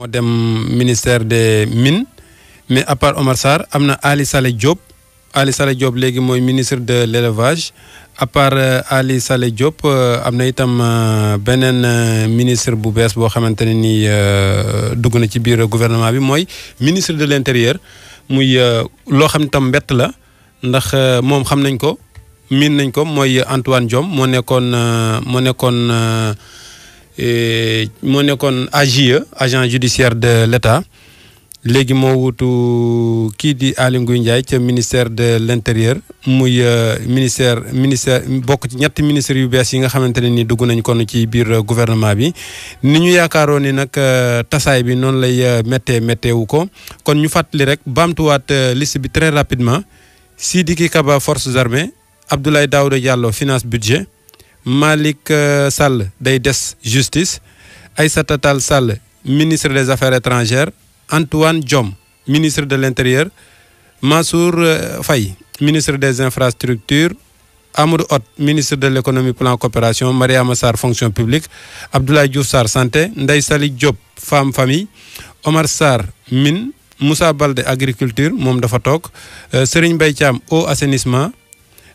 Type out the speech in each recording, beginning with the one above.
moo dem ministère des mines mais à part Omar Sarr am na Ali Saleh Diop Ali Saleh Diop léegi mooy ministre de lélevage élevage à part euh, Ali sale Diop euh, am na itam euh, beneen ministre bu bees boo xamante ne nii dugg na ci biir gouvernement bi mooy ministre de l' intérieur muy loo xam ne tam mbett la ndax moom xam nañ ko miin nañ ko mooy Antoine Diome moo nekkoon moo nekkoon. moo nekkoon AJE agent judiciaire de l'État léegi moo wutu kii di Aly Ngouille Ndiaye ca ministère de l'intérieur muy euh, ministère ministère bokk ci ñetti ministères yu bees yi nga xamante ne ni dugg nañ kon ci biir euh, gouvernement bi ni ñu yaakaaroon ni nag euh, tasaay bi noonu lay méttee méttee ko kon ñu fàttali rek baamtuwaat liste bi très rapidement Sidiki Kaba forces armées Abdoulaye Daouda jàlloo finance budget Malick euh, Sall day des justice Aïssata Tall Sall ministre des affaires étrangères Antoine Diome ministre de l'intérieur Mansour euh, fay ministre des infrastructures Amadou Hott ministre de l'économie plan coopération Mariama Sarr fonction publique Abdoulaye Diouf Sarr santé Ndeye Sali Diop femme famille Omar Sarr mine Moussa Balde agriculture moom dafa toog euh, Serigne bay Thiam eau assenissement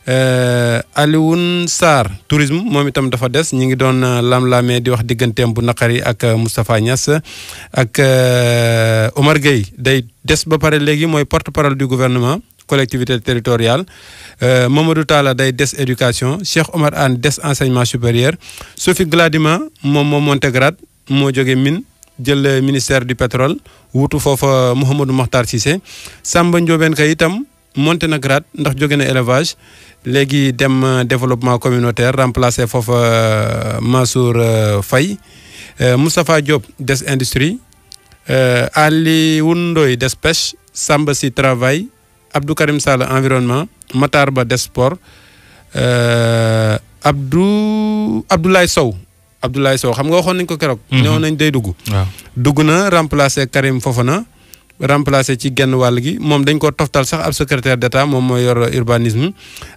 Euh, Alioune Sarr tourisme moom itam dafa des ñi ngi doon euh, lam-lamee di wax digganteem bu naqari ak euh, Moustapha Niass ak Omar Gueye day des ba pare léegi mooy porte-parole du gouvernement collectivité territoriale Mamadou Talla day des éducation Cheikh Omar Anne des enseignement supérieur Sophie Gladima moom moom monté grade moo joge mine jël ministère du pétrole wutu foofa Mouhamadou Mokhtar Cissé Samba Ndiobène kay itam monté na grade ndax jóge na élevage léegi dem euh, développement communautaire remplacé foofa euh, Mansour euh, fay Moustapha Diop des industrie Alioune Ndoye des pêche Samba Sy travail Abdou Karim Sall environnement Matar Ba des sport Abdou Abdoulaye Sow Abdoulaye Sow xam nga waxoon nañ ko keroog. ñëw mhm. nañ day dugg. dugg na remplacé Karim Fofana. remplacé ci genn wàll gi moom dañ ko toftal sax ab secrétaire d'État moom mooy yor urbanisme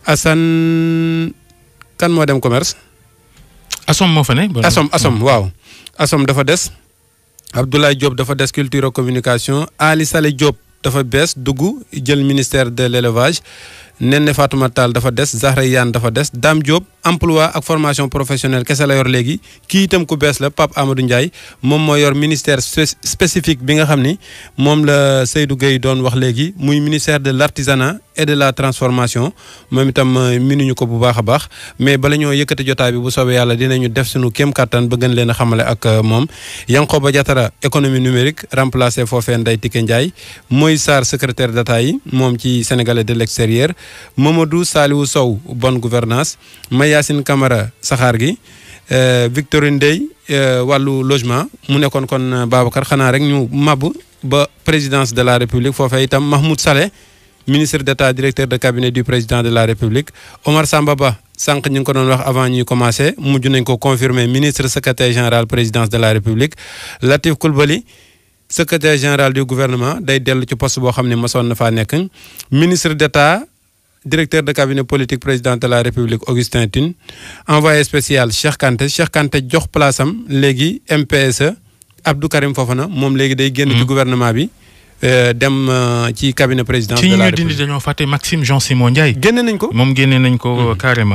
Assane kan moo dem commerce. Assom moo fa ne. Assom Assom waaw Assom dafa des Abdoulaye Diop dafa des culture communication Ali Saleh Diop dafa bees dugg jël ministère de l' élevage Néné Fatoumata Tall dafa des Zahra dafa des daam Diop. emploi ak formation professionnelle kese la yor léegi kii itam ku bees la Pape Amadou Ndiaye moom moo yor ministère spécifique bi nga xam ni moom la Seydou Gueye doon wax léegi muy ministère de l' artisanat et de la transformation moom itam euh, minuñu ko bu baax a baax mais bala ñoo yëkkati jotaay bi bu soobee yàlla dinañu def suñu kem kattan ba gën leen xamale ak euh, moom ba Diatara économie numérique remplacé foofee Ndeye Tické Ndiaye Moïse Sarr secrétaire d'État yi moom ci sénégalais de l' extérieur Mamadou Saliou Sow Yacine Camara saxaar gi euh, Victorine Dey euh, wàllu logement mu nekkoon kon euh, Babacar xanaa rek ñu màbb ba présidence de la république foofee itam Mahmoud Saleh ministre d'état directeur de cabinet du président de la république Omar Samba Ba sànq ñu ngi ko doon wax avant ñuy commencé mujj nañ ko confirmer ministre secrétaire général présidence de la république Latif Coulibaly secrétaire général du gouvernement day dellu ci poste boo xam ne mosoon na faa nekk ministre directeur de cabinet politique président de la République Augustin envoyé spécial Cheikh Kanté Cheikh Kanté jox place am léegi MPSE Abdou Karim Fofana moom léegi day génn ci hmm. gouvernement bi euh, dem euh, ci cabinet président de la République ci ñu dindi dañoo fàtte Maxime Jean Simon Ndiaye génne nañ ko moom génne nañ ko hmm. euh, carrément